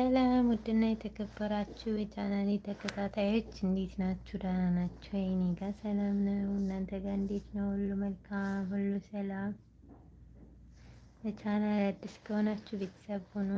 ሰላም ውድና የተከበራችሁ የቻናሌ ተከታታዮች እንዴት ናችሁ? ደህና ናችሁ? እኔ ጋር ሰላም ነው። እናንተ ጋር እንዴት ነው? ሁሉ መልካም፣ ሁሉ ሰላም። ለቻናል አዲስ ከሆናችሁ ቤተሰብ ሁኑ።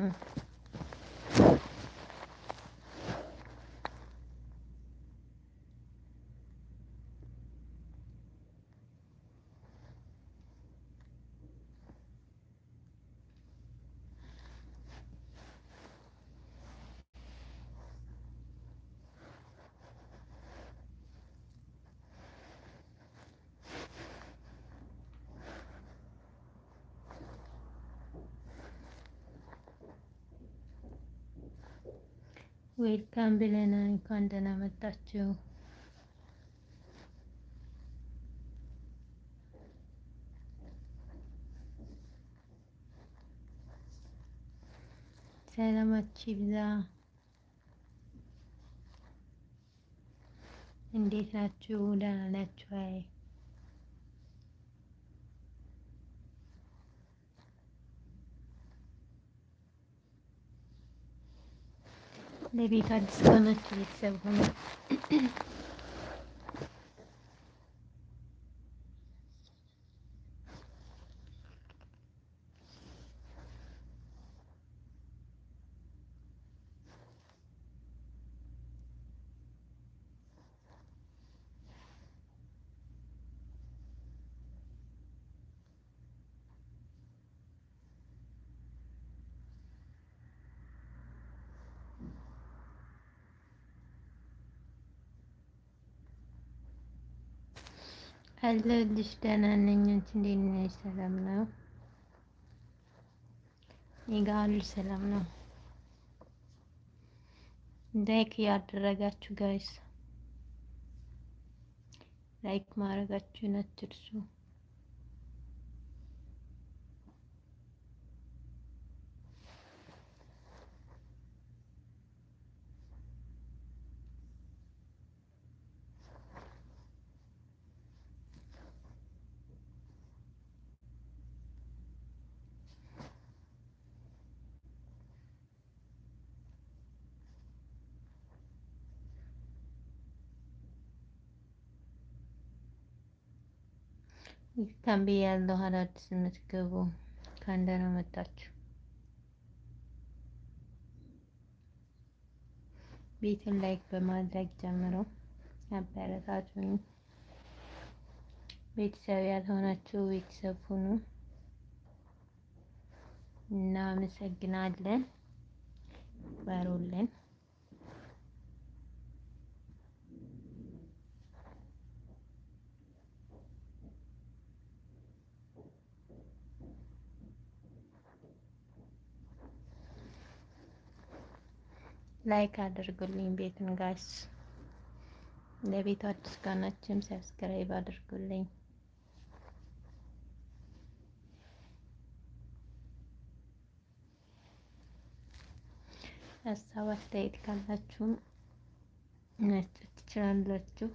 ዌልካም ብለን እንኳን ደህና መጣችሁ። ሰላማችሁ ይብዛ። እንዴት ናችሁ? ደህና ናችሁ? አይ ለቤት አዲስ ከሆናችሁ ቤተሰብ ሆነ አለሁልሽ። ደህና ነኝ። አንቺ እንዴት ነሽ? ሰላም ነው? እኔ ጋር ሁሉ ሰላም ነው። ላይክ ያደረጋችሁ ጋይስ ላይክ ማድረጋችሁን አትርሱ። ይታንብ ያለው አዳዲስ የምትገቡ ከአንደ ነው መጣችሁ። ቤትን ላይክ በማድረግ ጀምሮ አበረታቱን። ቤተሰብ ያልሆናችሁ ቤተሰብ ሁኑ። እናመሰግናለን። ባሩልን ላይክ አድርጉልኝ። ቤቱን ጋስ ለቤቱ አዲስ ጋናችም ሰብስክራይብ አድርጉልኝ። ሀሳብ አስተያየት ካላችሁም መስጠት ትችላላችሁ።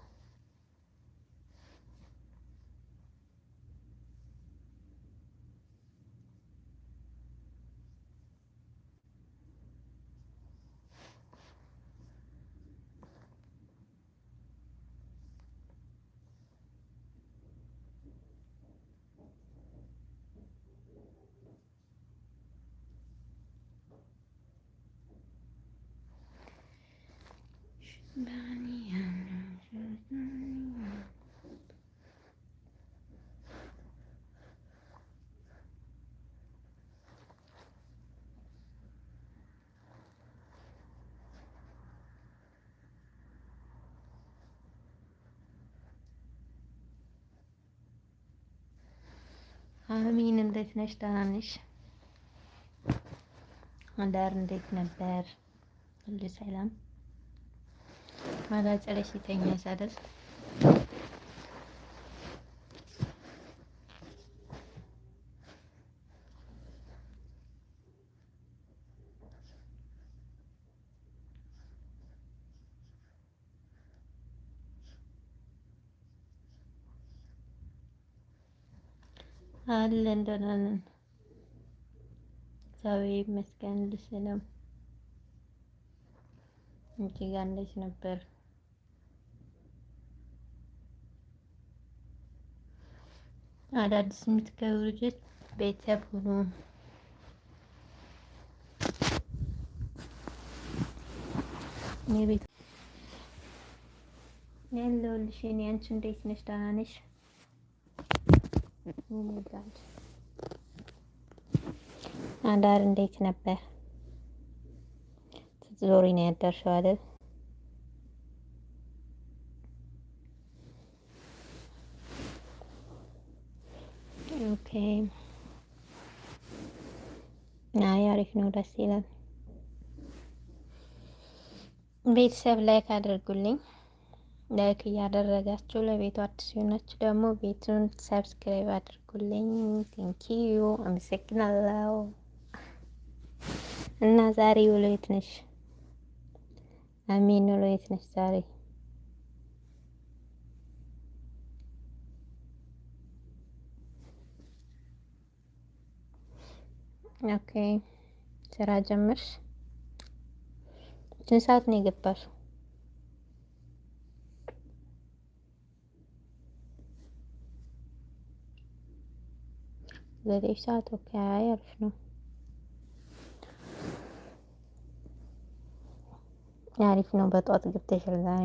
አሚን እንዴት ነሽ? ደህና ነሽ? አዳር እንዴት ነበር? ሁሉ ሰላም ማጋጨለሽ ይተኛሽ አይደል? አለን ደህና ነን፣ እግዚአብሔር ይመስገን። ልስለም እንጂ ጋር እንዴት ነበር? አዳዲስ የምትገቡ ልጆች ቤተሰብ ሁኑ። ቤት ያለሁልሽ። እኔ አንቺ እንዴት ነሽ? ደህና ነሽ? አዳር እንዴት ነበር? ዞሪ ነው ያደርሽው አይደል? ኦኬ አይ አሪፍ ነው፣ ደስ ይላል። ቤተሰብ ላይክ አድርጉልኝ። ላይክ እያደረጋችሁ ለቤቱ አዲስ የሆናችሁ ደግሞ ቤቱን ሰብስክራይብ አድርጉልኝ። ዩ አመሰግናለሁ። እና ዛሬ ውሎ የት ነሽ? አሚን ውሎ የት ነሽ ዛሬ? ኦኬ ስራ ጀመርሽ? ስንት ሰዓት ነው የገባሽው? ዘጠኝ ሰዓት ኦኬ፣ አሪፍ ነው። አሪፍ ነው። በጠዋት ገብተሻል ዛሬ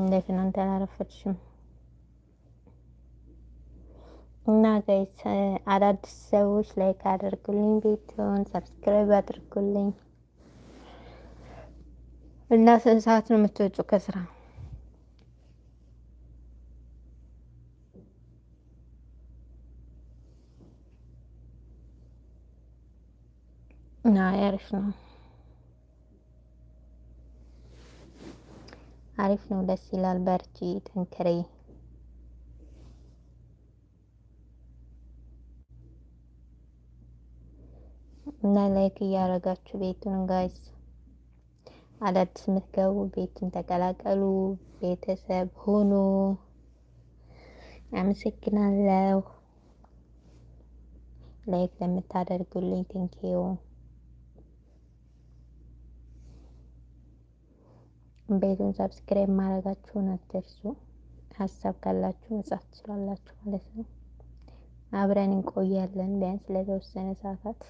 እንደ ትናንት አላረፈድሽም። እና ጋይስ አዳዲስ ሰዎች ላይክ አድርጉልኝ፣ ቤቱን ሰብስክራይብ አድርጉልኝ። እና ስንት ሰዓት ነው የምትወጪው ከስራ? አሪፍ ነው፣ አሪፍ ነው። ደስ ይላል። በርቺ፣ ጠንክሪ። እና ላይክ እያደረጋችሁ ቤቱን ጋይዝ አዳዲስ የምትገቡ ቤቱን ተቀላቀሉ፣ ቤተሰብ ሆኑ። አመሰግናለሁ ላይክ ለምታደርጉልኝ። ቴንኪዩ ቤቱን ሰብስክራይብ ማድረጋችሁን አትርሱ። ሀሳብ ካላችሁ መጻፍ ትችላላችሁ ማለት ነው። አብረን እንቆያለን ቢያንስ ለተወሰነ ሰዓታት።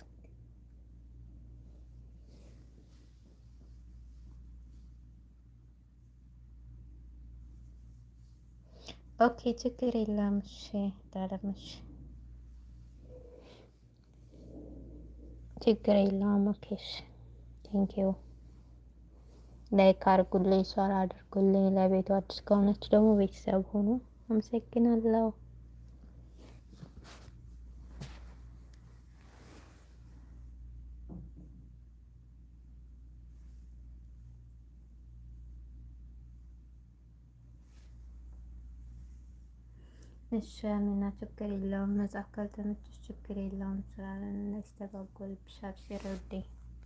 ኦኬ ችግር የለም። እሺ ዳረመሽ ችግር የለውም። ኦኬ ቴንኪው ላይክ አድርጉልኝ፣ ሸር አድርጉልኝ። ለቤቱ አዲስ ከሆነች ደግሞ ቤተሰብ ሆኑ። አመሰግናለሁ። እሺ አሚና፣ ችግር የለውም። መጽሐፍ ካልተመቸሽ ችግር የለውም። ስራ እናስተጓጎልብሻል ሲረዴ